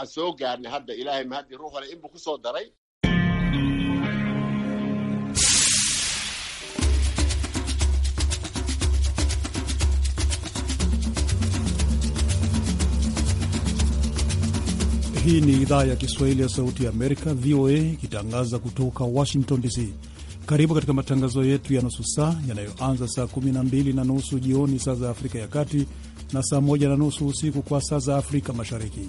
aan soo gaarnay hadda ilaahay mahadi ruux wale inbuu ku soo daray. Hii ni idhaa ya Kiswahili ya Sauti ya Amerika, VOA, ikitangaza kutoka Washington DC. Karibu katika matangazo yetu ya nusu saa yanayoanza saa 12 na nusu jioni saa za Afrika ya Kati na saa 1 na nusu usiku kwa saa za Afrika Mashariki.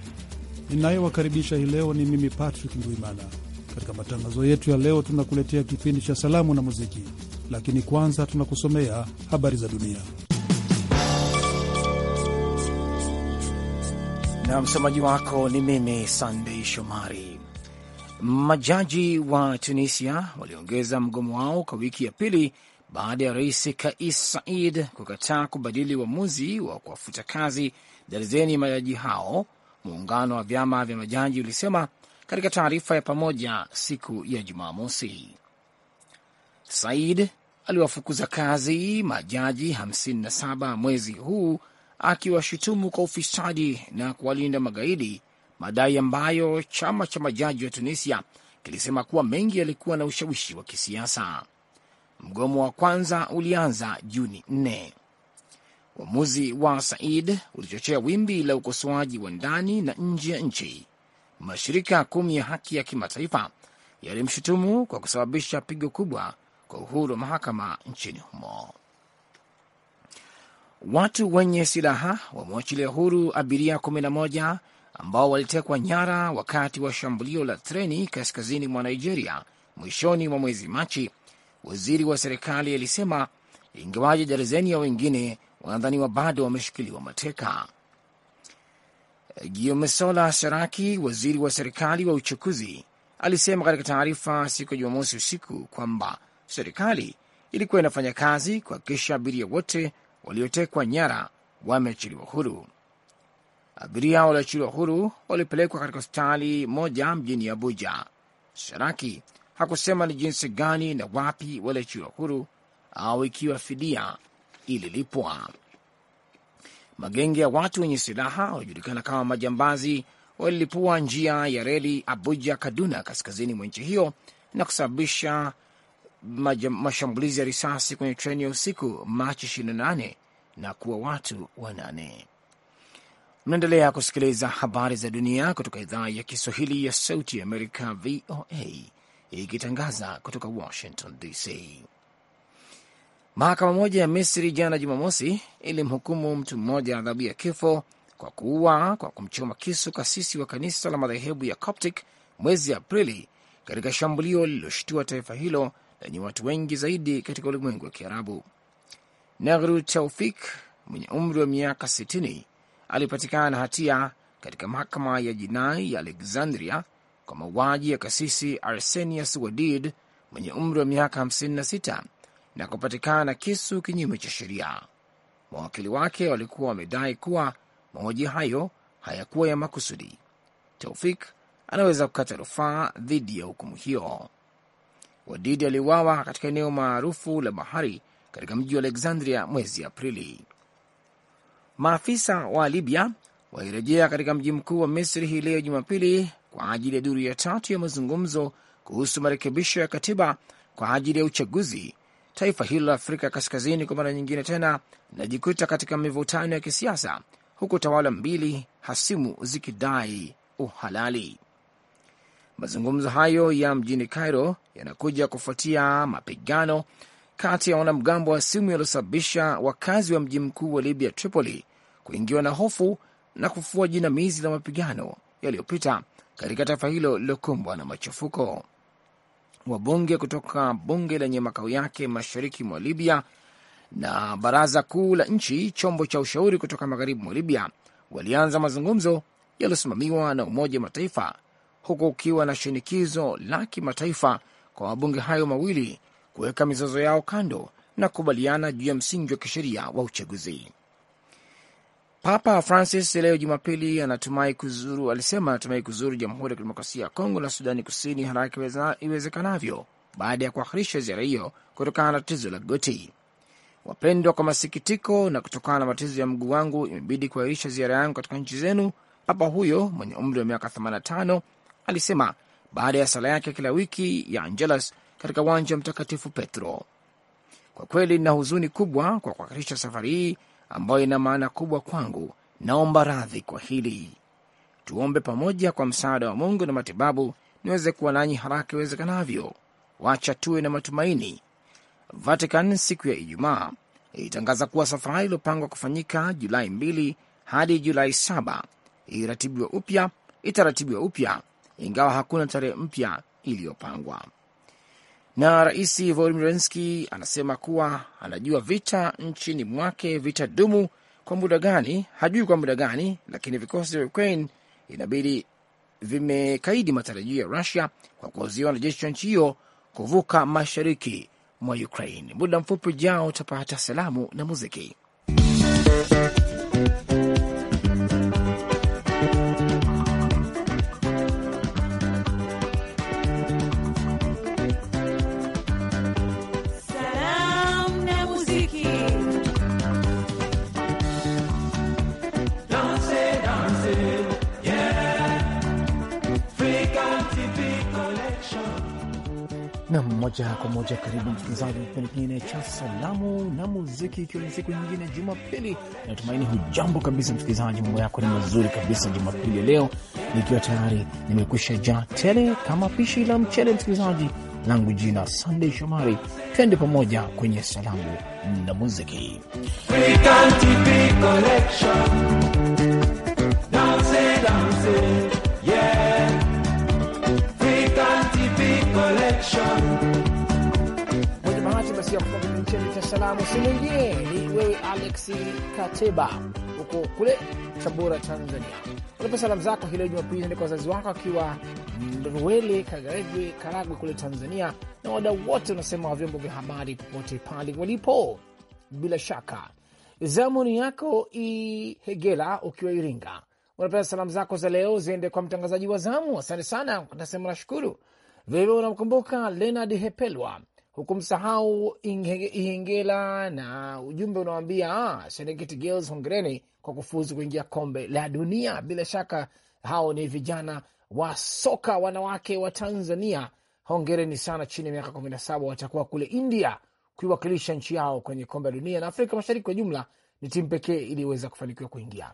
ninayewakaribisha hii leo ni mimi Patrick Ndwimana. Katika matangazo yetu ya leo, tunakuletea kipindi cha salamu na muziki, lakini kwanza tunakusomea habari za dunia. Na msomaji wako ni mimi Sandei Shomari. Majaji wa Tunisia waliongeza mgomo wao kwa wiki ya pili baada ya rais Kais Said kukataa kubadili uamuzi wa, wa kuwafuta kazi darzeni majaji hao muungano wa vyama vya majaji ulisema katika taarifa ya pamoja siku ya Jumamosi. Said aliwafukuza kazi majaji 57 mwezi huu akiwashutumu kwa ufisadi na kuwalinda magaidi, madai ambayo chama cha majaji wa Tunisia kilisema kuwa mengi yalikuwa na ushawishi wa kisiasa. Mgomo wa kwanza ulianza Juni nne Uamuzi wa Said ulichochea wimbi la ukosoaji wa ndani na nje ya nchi. Mashirika kumi ya haki ya kimataifa yalimshutumu kwa kusababisha pigo kubwa kwa uhuru wa mahakama nchini humo. Watu wenye silaha wamewachilia huru abiria 11 ambao walitekwa nyara wakati wa shambulio la treni kaskazini mwa Nigeria mwishoni mwa mwezi Machi, waziri wa serikali alisema, ingawaje darizeni ya wengine wanadhaniwa bado wameshikiliwa mateka. Giomesola Seraki, waziri wa serikali wa uchukuzi, alisema katika taarifa siku ya Jumamosi usiku kwamba serikali ilikuwa inafanya kazi kuhakikisha abiria wote waliotekwa nyara wameachiliwa huru. Abiria walioachiliwa huru walipelekwa katika hospitali moja mjini Abuja. Seraki hakusema ni jinsi gani na wapi waliachiliwa huru au ikiwa fidia ililipwa. Magenge ya watu wenye silaha wanajulikana kama majambazi walilipua njia ya reli Abuja Kaduna kaskazini mwa nchi hiyo na kusababisha mashambulizi ya risasi kwenye treni ya usiku Machi 28 na kuwa watu wanane. Mnaendelea kusikiliza habari za dunia kutoka idhaa ya Kiswahili ya Sauti ya Amerika, VOA, ikitangaza kutoka Washington DC. Mahakama moja ya Misri jana Jumamosi ilimhukumu mtu mmoja adhabu ya kifo kwa kuua kwa kumchoma kisu kasisi wa kanisa la madhehebu ya Coptic mwezi Aprili katika shambulio lililoshtua taifa hilo lenye watu wengi zaidi katika ulimwengu wa Kiarabu. Nagru Taufik mwenye umri wa miaka 60 alipatikana na hatia katika mahakama ya jinai ya Alexandria kwa mauaji ya kasisi Arsenius Wadid mwenye umri wa miaka 56 na kupatikana na kisu kinyume cha sheria. Mawakili wake walikuwa wamedai kuwa mauaji hayo hayakuwa ya makusudi. Taufik anaweza kukata rufaa dhidi ya hukumu hiyo. Wadidi aliuawa katika eneo maarufu la bahari katika mji wa Alexandria mwezi Aprili. Maafisa wa Libya walirejea katika mji mkuu wa Misri hii leo Jumapili kwa ajili ya duru ya tatu ya mazungumzo kuhusu marekebisho ya katiba kwa ajili ya uchaguzi taifa hilo la Afrika Kaskazini kwa mara nyingine tena linajikuta katika mivutano ya kisiasa, huku tawala mbili hasimu zikidai uhalali. Mazungumzo hayo ya mjini Cairo yanakuja kufuatia mapigano kati ya wanamgambo wa simu yaliosababisha wakazi wa mji mkuu wa Libya, Tripoli, kuingiwa na hofu na kufua jinamizi la mapigano yaliyopita katika taifa hilo lililokumbwa na machafuko wabunge kutoka bunge lenye makao yake mashariki mwa Libya na baraza kuu la nchi, chombo cha ushauri kutoka magharibi mwa Libya, walianza mazungumzo yaliyosimamiwa na Umoja wa Mataifa, huku ukiwa na shinikizo la kimataifa kwa mabunge hayo mawili kuweka mizozo yao kando na kukubaliana juu ya msingi wa kisheria wa uchaguzi. Papa Francis leo Jumapili anatumai kuzuru, alisema anatumai kuzuru Jamhuri ya Kidemokrasia ya Kongo na Sudani Kusini haraka iwezekanavyo baada ya kuahirisha ziara hiyo kutokana na tatizo la goti. Wapendwa, kwa masikitiko na kutokana na matatizo ya mguu wangu imebidi kuahirisha ziara yangu katika nchi zenu, papa huyo mwenye umri wa miaka 85 alisema baada ya sala yake kila wiki ya Angelus katika uwanja wa Mtakatifu Petro. Kwa kweli nina huzuni kubwa kwa kuahirisha safari hii ambayo ina maana kubwa kwangu. Naomba radhi kwa hili. Tuombe pamoja kwa msaada wa Mungu na matibabu, niweze kuwa nanyi haraka iwezekanavyo. Wacha tuwe na matumaini. Vatican siku ya Ijumaa ilitangaza kuwa safari iliyopangwa kufanyika Julai mbili hadi Julai saba itaratibiwa upya, itaratibiwa upya ingawa hakuna tarehe mpya iliyopangwa na Rais Volodymyr Zelensky anasema kuwa anajua vita nchini mwake vitadumu kwa muda gani, hajui kwa muda gani, lakini vikosi vya Ukraine inabidi vimekaidi matarajio ya Rusia kwa kuwazuia wanajeshi wa nchi hiyo kuvuka mashariki mwa Ukraine. Muda mfupi ujao utapata salamu na muziki. Nam moja kwa moja, karibu msikilizaji kipindi kingine cha salamu na muziki, ikiwa ni siku nyingine Jumapili. Natumaini hujambo kabisa msikilizaji, mambo yako ni mazuri kabisa. Jumapili ya leo nikiwa tayari nimekwisha jaa tele kama pishi la mchele. Msikilizaji langu jina Sandey Shomari, twende pamoja kwenye salamu na muziki. na msi mwingine ni wewe Alexi Kateba huko kule Tabora, Tanzania. Unapa salamu zako hilo Jumapili ndio kwa wazazi wako akiwa ruele Kagaregwe, Karagwe kule Tanzania, na wadau wote unasema wa vyombo vya habari popote pale walipo. Bila shaka zamuni yako Ihegela ukiwa Iringa, unapenda salamu zako za leo ziende kwa mtangazaji wa zamu, asante sana, nasema nashukuru vilevile. Unamkumbuka Leonard Hepelwa hukumsahau Ihengela na ujumbe unawambia ah, Serengeti Girls hongereni kwa kufuzu kuingia kombe la dunia. Bila shaka hao ni vijana wa soka wanawake wa Tanzania, hongereni sana. Chini ya miaka kumi na saba watakuwa kule India kuiwakilisha nchi yao kwenye kombe la dunia, na Afrika Mashariki kwa jumla ni timu pekee iliyoweza kufanikiwa kuingia.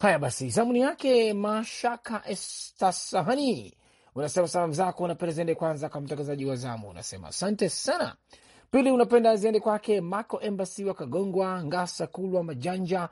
Haya basi, zamuni yake Mashaka Estasahani unasema salamu zako unapenda ziende kwanza kwa mtangazaji wa zamu, unasema asante sana. Pili unapenda ziende kwake Mako Embassy wa Kagongwa, Ngasa Kulwa Majanja,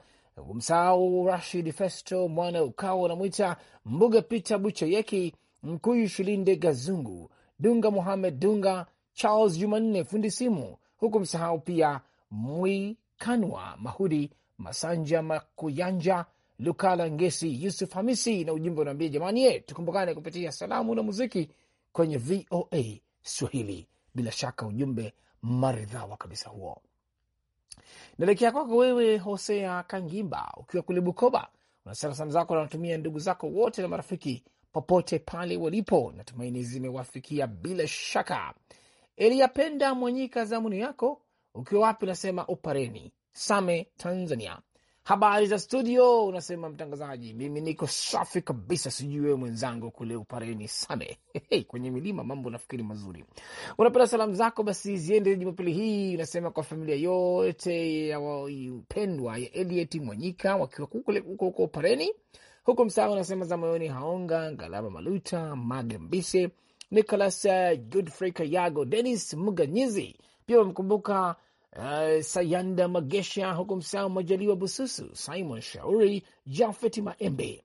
msahau Rashid Festo mwana Ukao, unamwita Mbuga Peter Bucheyeki, Mkuyu Shilinde Gazungu, Dunga Muhamed Dunga, Charles Jumanne fundi simu, huku msahau pia Mwikanwa Mahudi Masanja Makuyanja Lukala Ngesi, Yusuf Hamisi na ujumbe unaambia jamani, ye eh, tukumbukane kupitia salamu na muziki kwenye VOA Swahili. Bila shaka ujumbe maridhawa kabisa huo. Naelekea kwako wewe Hosea Kangimba ukiwa kule Bukoba, unasema salamu zako nawatumia ndugu zako wote na marafiki popote pale walipo, natumaini zimewafikia bila shaka. Eliyapenda Mwanyika, zamuni yako ukiwa wapi? Unasema upareni Same, Tanzania. Habari za studio, unasema mtangazaji. Mimi niko safi kabisa, sijui wewe mwenzangu kule Upareni Same hey, kwenye milima mambo nafikiri mazuri. Unapenda salamu zako basi ziende Jumapili hii, unasema kwa familia yote ya wapendwa ya Eliet Mwanyika wakiwa huko huko Upareni huku Msaa. Unasema za moyoni Haonga Galama Maluta Magembise Nicolas eh, Godfrey Kayago Denis Muganyizi pia wamekumbuka uh, Sayanda Magesha, huku msao Majaliwa Bususu, Simon Shauri, Jafet Maembe,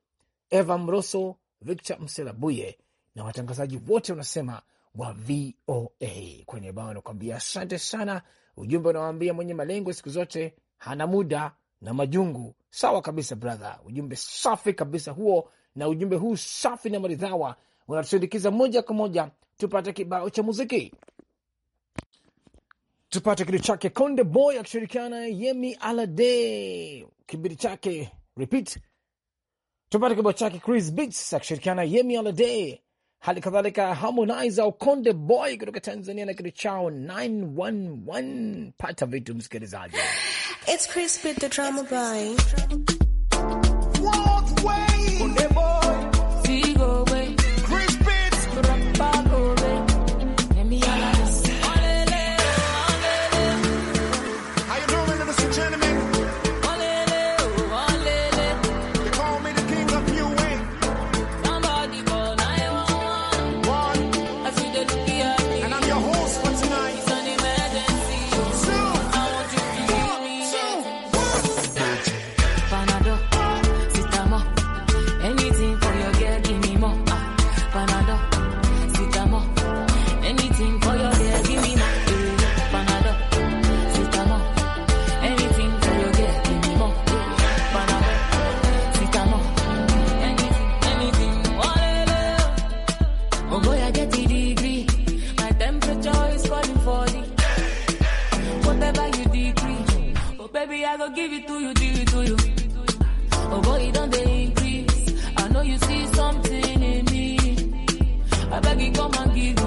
Eva Mroso, Victor Mselabuye na watangazaji wote wanasema wa VOA kwenye bao anakuambia asante sana. Ujumbe unawaambia mwenye malengo siku zote hana muda na majungu. Sawa kabisa brother, ujumbe safi kabisa huo, na ujumbe huu safi na maridhawa unatusindikiza moja kwa moja tupate kibao cha muziki tupate kitu chake Konde Boy akishirikiana Yemi Alade, kibidi chake repeat. Tupate kibao chake Chris Beats akishirikiana Yemi Alade, hali kadhalika Harmonize au Konde Boy kutoka Tanzania na kitu chao 911. Pata vitu msikilizaji. It's Chris Beat the drama boy. Walk Konde Boy. baby, I go give it to you, give it to you. Oh boy, don't they increase? I know you see something in me. I beg you, come and give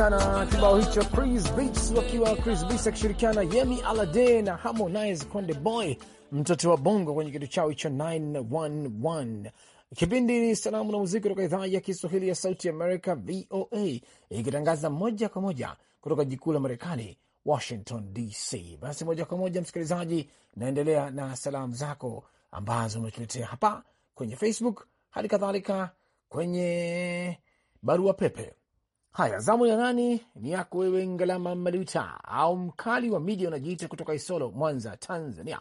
sana kibao hicho Chris Beats wakiwa Chris Beats akishirikiana Yemi Alade na Harmonize Konde Boy mtoto wa bongo kwenye kitu chao hicho 911. Kipindi ni salamu na muziki kutoka idhaa ya Kiswahili ya Sauti America VOA ikitangaza moja kwa moja kutoka jikuu la Marekani Washington DC. Basi moja kwa moja, msikilizaji, naendelea na salamu zako ambazo umetuletea hapa kwenye Facebook, hali kadhalika kwenye barua pepe Haya, zamu ya nani ni yako wewe, Ngalama Maluta au mkali wa midia, unajiita kutoka Isolo, Mwanza, Tanzania.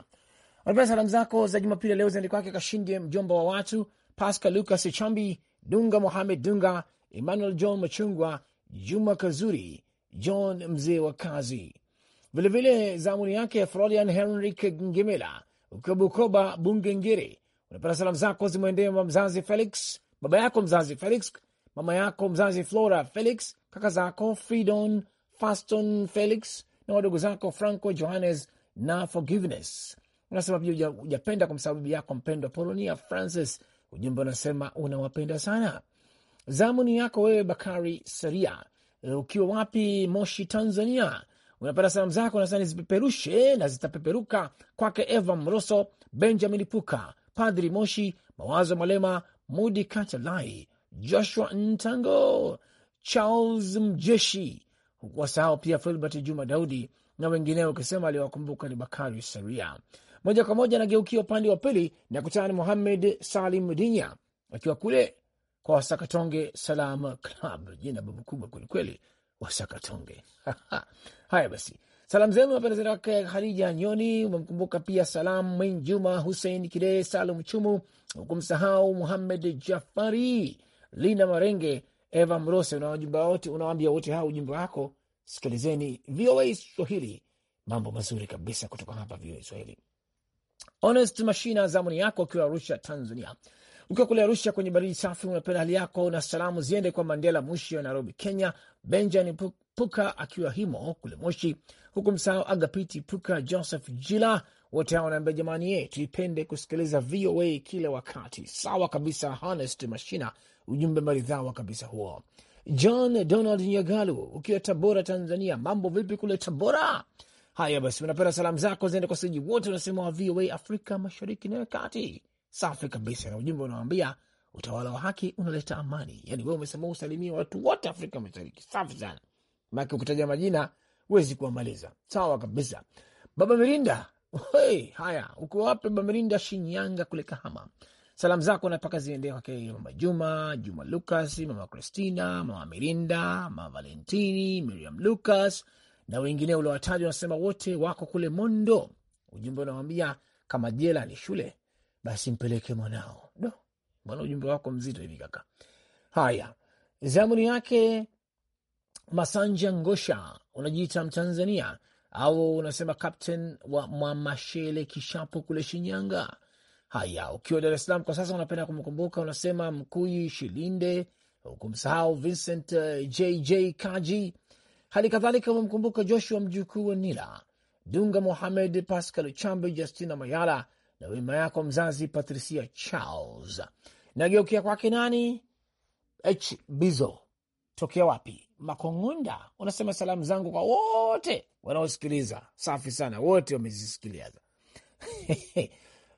Anapea salamu zako za Jumapili leo zandi kwake Kashindie, mjomba wa watu, Pascal Lucas Chambi, Dunga Mohamed Dunga, Emmanuel John Machungwa, Juma Kazuri, John mzee wa kazi. Vilevile zamu ni yake Florian Henrik Ngemela ukiwa Bukoba Bungengere, unapata salamu zako zimwendee mzazi Felix, baba yako mzazi Felix mama yako mzazi Flora Felix, kaka zako Fridon Faston Felix na wadogo zako Franco Johannes na Forgiveness. Unasema pia hujapenda kumsahau bibi yako mpendwa Polonia Francis. Ujumbe unasema unawapenda sana. Zamu ni yako wewe, Bakari Saria, e, ukiwa wapi? Moshi, Tanzania. Unapenda salamu zako unasema zipeperushe na zitapeperuka kwake Eva Mroso, Benjamin Puka, Padri Moshi, Mawazo Malema, Mudi Katalai, Joshua Ntango, Charles Mjeshi, hukuwasahau pia Filbert Juma Daudi na wengineo, wakisema aliwakumbuka ni Bakari Saria. Moja kwa moja anageukia upande wa pili na kutana na Muhamed Salim Dinya akiwa kule kwa Wasakatonge Salam Club. Jina babu kubwa kwelikweli, Wasakatonge. Haya basi, salamu zenu napendeza kwake Harija Nyoni, umemkumbuka pia Salam Mwen Juma Hussein Kidee Salum Chumu, hukumsahau Muhamed Jafari Lina Marenge, Eva Mrose, una unawajumba wote, unawaambia wote hao ujumbe wako. Sikilizeni VOA Swahili, mambo mazuri kabisa kutoka hapa VOA Swahili. Honest Mashina, zamuni yako ukiwa Arusha, Tanzania. Ukiwa kule Arusha kwenye baridi safi, unapenda hali yako, na salamu ziende kwa Mandela Mushi wa Nairobi, Kenya, Benjamin Puka akiwa Himo kule Moshi, huku msahau Agapiti Puka, Joseph Jila, wote hao wanaambia jamani ye, tuipende kusikiliza VOA kila wakati. Sawa kabisa, Honest Mashina, ujumbe maridhawa kabisa huo. John Donald Nyagalu ukiwa Tabora, Tanzania, mambo vipi kule Tabora? Haya basi, unapenda salamu zako ziende kwa seji wote unasema wa VOA Afrika Mashariki na Kati. Safi kabisa, na ujumbe unawambia utawala wa haki unaleta amani. Yani wewe umesema usalimie watu wote Afrika Mashariki. Safi sana, maake ukitaja majina huwezi kuwamaliza. Sawa kabisa, Baba Mirinda. Hey, haya uko wapi Baba Mirinda? Shinyanga kule Kahama Salamu zako napaka ziendee kwake Mama Juma, Juma Lucas, Mama Christina, Mama Mirinda, Mama Valentini, Miriam Lucas na wengine uliowataja, wanasema wote wako kule Mondo. Ujumbe unawambia kama jela ni shule, basi mpeleke mwanao. Do, mbona ujumbe wako mzito hivi kaka? Haya, zamuni yake Masanja Ngosha, unajiita Mtanzania au unasema captain wa Mwamashele Kishapo kule Shinyanga Haya, ukiwa Dar es Salaam kwa sasa, unapenda kumkumbuka, unasema Mkuyi Shilinde, hukumsahau Vincent JJ eh, Kaji, hali kadhalika umemkumbuka Joshua mjukuu wa Nila Dunga, Mohamed Pascal Chambe, Justina Mayala na wima yako mzazi Patricia Charles. Nageukia kwake nani, H Bizo tokea wapi, Makong'onda, unasema salamu zangu kwa wote wanaosikiliza. Safi sana, wote wamezisikilia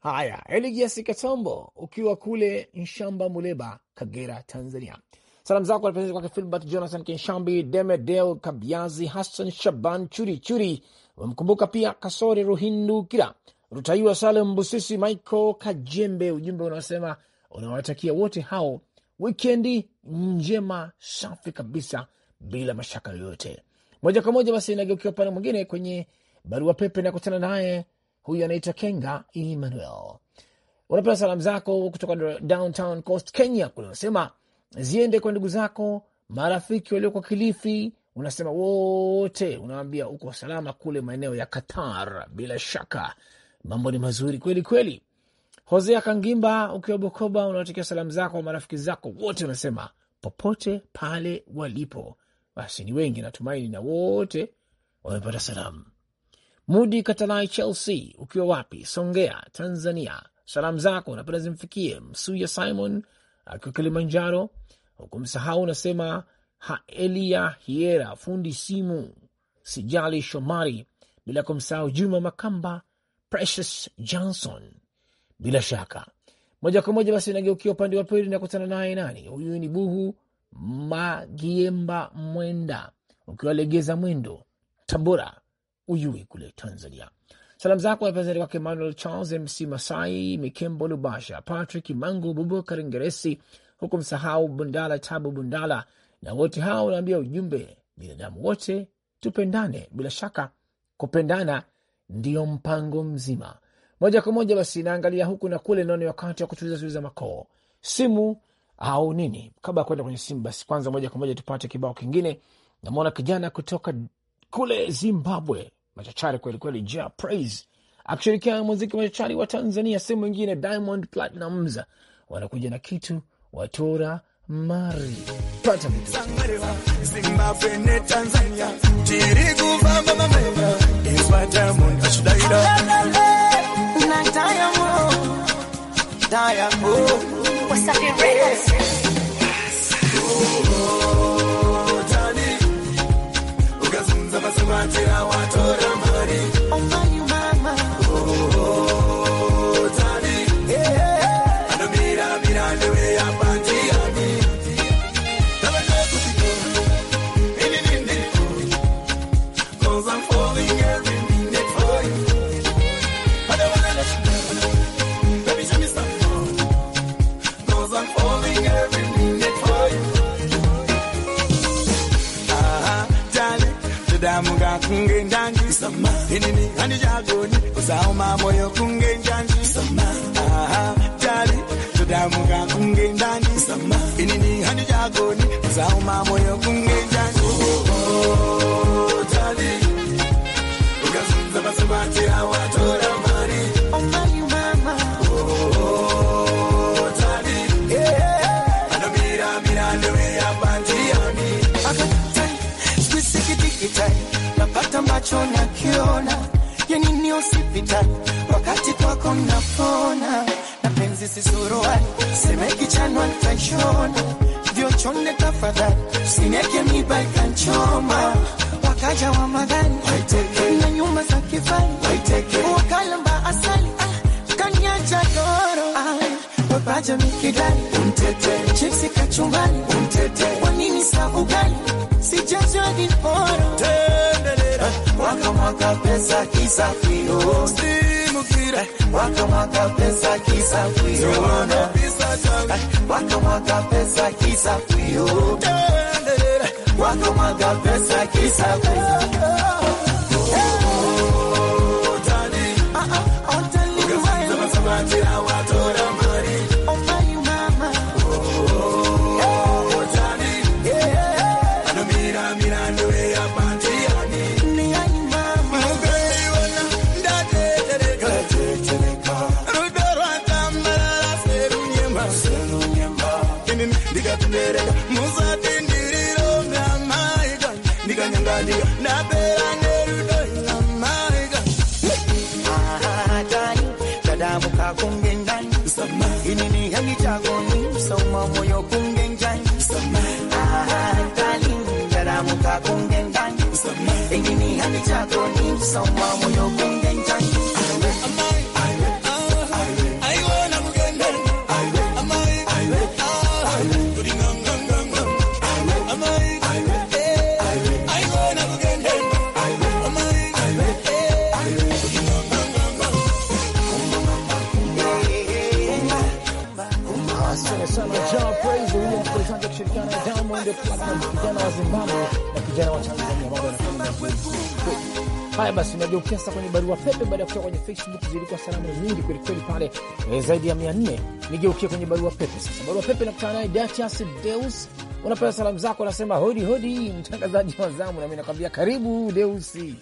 Haya, Eligias Katombo, ukiwa kule Nshamba, Muleba, Kagera, Tanzania, salamu zako alipeea kwake Filbert Jonathan Kinshambi, Demedel Kabiazi, Hassan Shaban Churi Churi, wamkumbuka pia Kasore Ruhindukira, Rutaiwa Salem Busisi, Michael Kajembe. Ujumbe unaosema unawatakia wote hao wikendi njema, safi kabisa, bila mashaka yoyote. Moja kwa moja basi inageukia upande mwingine kwenye barua pepe, nakutana naye Huyu anaitwa Kenga Emmanuel. Unapewa salamu zako kutoka downtown Coast Kenya kule, unasema ziende kwa ndugu zako, marafiki walioko Kilifi, unasema wote, unawambia uko salama kule maeneo ya Qatar. Bila shaka mambo ni mazuri kweli kweli. Hosea Kangimba ukiwa Bukoba, unaotakia salamu zako wa marafiki zako wote, unasema popote pale walipo, basi ni wengi, natumaini na wote wamepata salamu. Mudi Katalai Chelsea, ukiwa wapi? Songea, Tanzania. Salamu zako napenda zimfikie Msuya Simon akiwa Kilimanjaro, huku msahau unasema Haelia Hiera, fundi simu Sijali Shomari, bila kumsahau Juma Makamba, Precious Johnson. Bila shaka moja kwa moja basi nageukia upande wa pili, nakutana naye nani huyu? Ni Buhu Magiemba Mwenda ukiwalegeza mwendo Tabora Uyui kule Tanzania. Salamu zako napezari kwake Manuel Charles Mc Masai, Mikembo Lubasha, Patrick Mangu, Abubakar Ngeresi, huku msahau Bundala Tabu Bundala na wote hawa unaambia ujumbe, binadamu wote tupendane. Bila shaka kupendana ndiyo mpango mzima. Moja kwa moja basi naangalia huku na kule, naona wakati wa kutuliza tuliza makoo simu au nini. Kabla ya kwenda kwenye simu, basi kwanza moja kwa moja tupate kibao kingine. Namwona kijana kutoka kule Zimbabwe machachari kwelikweli, Ja Praise akishirikiana na muziki machachari wa Tanzania. Sehemu nyingine Diamond Platnumz wanakuja na kitu watora mari pata I'm basi batira watoramari inini handijagoni kusaoma moyo kunge njanji aha tari todamuka kunge ndani inini handijagoni kusaoma moyo kunge kuchona, ndio chone tafadhali, usinieke miba ikanchoma. Wakaja wa madhani na nyumba za kifani, wakalamba asali ah, kanyacha doro ah, babaja mikidali, chipsi kachumbani, kwa nini sa ugali wakamwaga pesa kisafio, wakamwaga pesa kisafio, wakamwaga pesa kisafio, wakamwaga pesa kisafio moyo vijana wa Tanzania ambao wanafanya mazoezi. haya. Basi unageukia sasa kwenye barua pepe. Baada ya kutoka kwenye Facebook, zilikuwa salamu nyingi kwelikweli pale, e, zaidi ya mia nne. Nigeukia kwenye barua pepe sasa. Barua pepe nakutana naye Datias Deus, unapewa salamu zako, anasema hodi hodi, mtangazaji wa zamu, nami nakwambia karibu Deusi.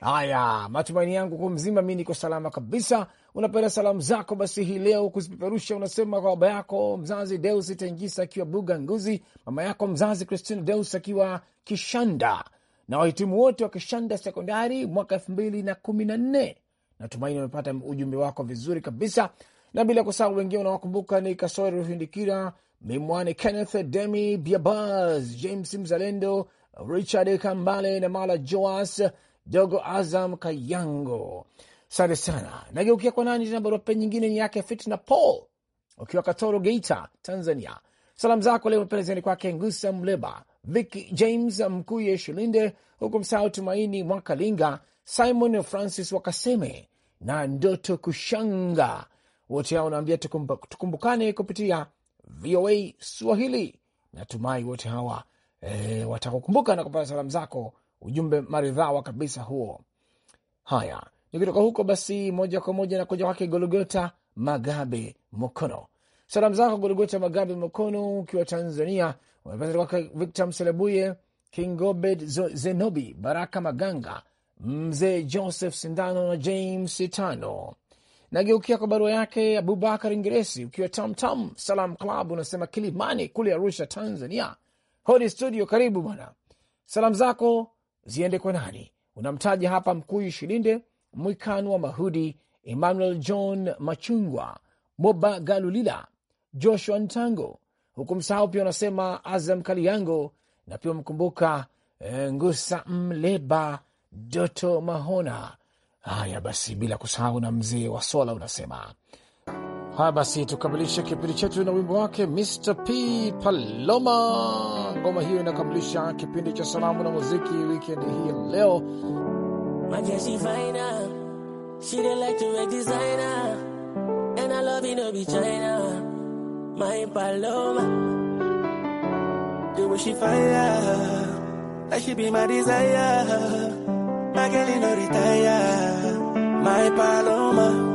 Haya, matumaini yangu ku mzima, mi niko salama kabisa unapenda salamu zako basi hii leo kuzipeperusha, unasema kwa baba yako mzazi Deus Tengisa akiwa Buga Nguzi, mama yako mzazi Christine Deus akiwa Kishanda na wahitimu wote wa Kishanda sekondari mwaka elfu mbili na kumi na nne. Natumaini wamepata ujumbe wako vizuri kabisa, na bila kusahau wengine unawakumbuka ni Kasori Ruhindikira, Mimwani Kenneth, Demi Biabas, James Mzalendo, Richard Kambale na Mala Joas Dogo, Azam Kayango Asante sana. Nageukia kwa nani tena, barua pepe nyingine ni yake Fitna Paul ukiwa Katoro, Geita, Tanzania. Salamu zako leo mepelezani kwake Ngusa Mleba, Vicky James Mkuye Shilinde, huku msahau Tumaini Mwakalinga, Simon Francis Wakaseme na Ndoto Kushanga. Wote hao unaambia tukumbukane kupitia VOA Swahili. Natumai wote hawa e, watakukumbuka na kupata salamu zako. Ujumbe maridhawa kabisa huo. Haya, Nikitoka huko basi moja kwa moja nakuja kwake Gologota Magabe Mokono. Salamu zako Gologota Magabe Mokono ukiwa Tanzania, umepata kwake Victor Mselebuye, Kingobed Zenobi, Baraka Maganga, mzee Joseph Sindano na James Tano. Nageukia kwa barua yake Abubakar Ingresi ukiwa Tamtam Salam Club, unasema Kilimani kule Arusha, Tanzania. Hodi studio, karibu bwana. Salamu zako ziende kwa nani? Unamtaja hapa Mkuyu Shilinde wa Mahudi, Emmanuel John Machungwa, Moba Galulila, Joshua Ntango, huku msahau pia unasema Azam Kaliango na pia mkumbuka eh, Ngusa Mleba, Doto Mahona. Haya basi, bila kusahau na mzee wa Sola unasema haya basi, tukamilishe kipindi chetu na wimbo wake Mr P Paloma. Ngoma hiyo inakamilisha kipindi cha salamu na muziki wikendi hii leo. My girl, she finer. Uh. She did like to wear designer. And I love you, no be China. My Paloma. The way she fire. Uh. Like she be my desire. My girl, you no retire. My Paloma.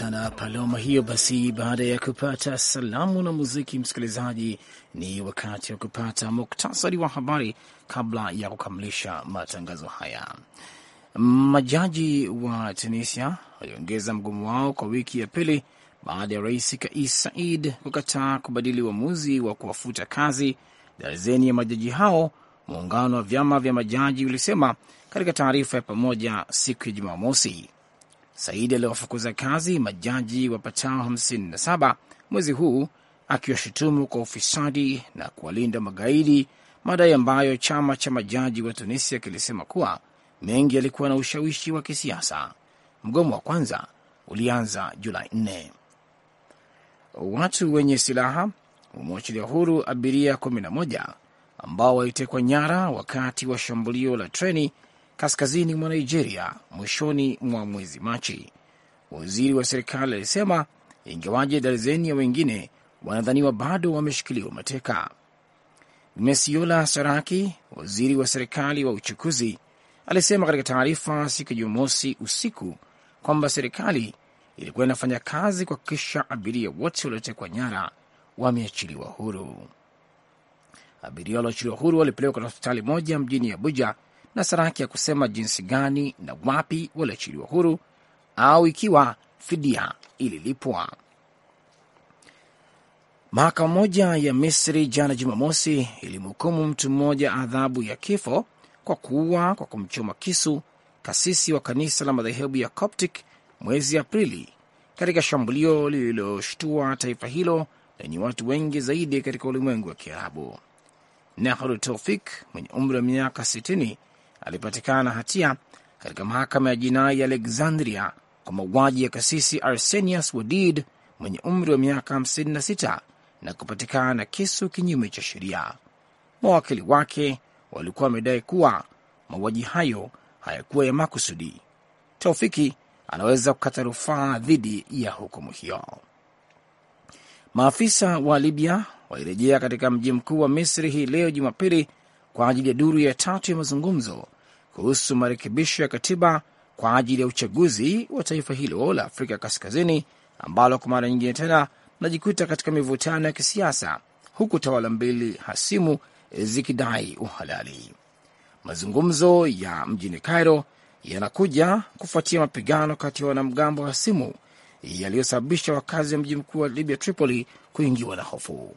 sana Paloma hiyo. Basi baada ya kupata salamu na muziki, msikilizaji, ni wakati wa kupata muktasari wa habari kabla ya kukamilisha matangazo haya. Majaji wa Tunisia waliongeza mgomo wao kwa wiki ya pili baada ya rais Kais said kukataa kubadili uamuzi wa, wa kuwafuta kazi darzeni ya majaji hao. Muungano wa vyama vya majaji ulisema katika taarifa ya pamoja siku ya Jumamosi. Saidi aliwafukuza kazi majaji wapatao 57 mwezi huu akiwashutumu kwa ufisadi na kuwalinda magaidi, madai ambayo chama cha majaji wa Tunisia kilisema kuwa mengi yalikuwa na ushawishi wa kisiasa. Mgomo wa kwanza ulianza Julai 4. Watu wenye silaha wamewachilia huru abiria 11 ambao walitekwa nyara wakati wa shambulio la treni kaskazini mwa Nigeria mwishoni mwa mwezi Machi. Waziri wa serikali alisema ingewaje darzeni ya wengine wanadhaniwa bado wameshikiliwa mateka. Mesiola Saraki, waziri wa serikali wa uchukuzi, alisema katika taarifa siku ya Jumamosi usiku kwamba serikali ilikuwa inafanya kazi kuhakikisha abiria wote waliotekwa nyara wameachiliwa huru. Abiria walioachiliwa huru walipelekwa katika hospitali moja mjini Abuja na Saraki ya kusema jinsi gani na wapi waliachiliwa huru au ikiwa fidia ililipwa. Mahakama moja ya Misri jana Jumamosi ilimhukumu mtu mmoja adhabu ya kifo kwa kuua kwa kumchoma kisu kasisi wa kanisa la madhehebu ya Coptic mwezi Aprili katika shambulio lililoshtua taifa hilo lenye watu wengi zaidi katika ulimwengu wa Kiarabu. Nahru Tofik mwenye umri wa miaka 60 alipatikana na hatia katika mahakama ya jinai ya Alexandria kwa mauaji ya kasisi Arsenius Wadid mwenye umri wa miaka 56 na kupatikana na kisu kinyume cha sheria. Mawakili wake walikuwa wamedai kuwa mauaji hayo hayakuwa ya makusudi. Taufiki anaweza kukata rufaa dhidi ya hukumu hiyo. Maafisa wa Libya walirejea katika mji mkuu wa Misri hii leo Jumapili kwa ajili ya duru ya tatu ya mazungumzo kuhusu marekebisho ya katiba kwa ajili ya uchaguzi wa taifa hilo la Afrika Kaskazini ambalo kwa mara nyingine tena najikuta katika mivutano ya kisiasa huku tawala mbili hasimu zikidai uhalali. Mazungumzo ya mjini Cairo yanakuja kufuatia mapigano kati ya wanamgambo hasimu yaliyosababisha wakazi wa mji mkuu wa Libya, Tripoli, kuingiwa na hofu.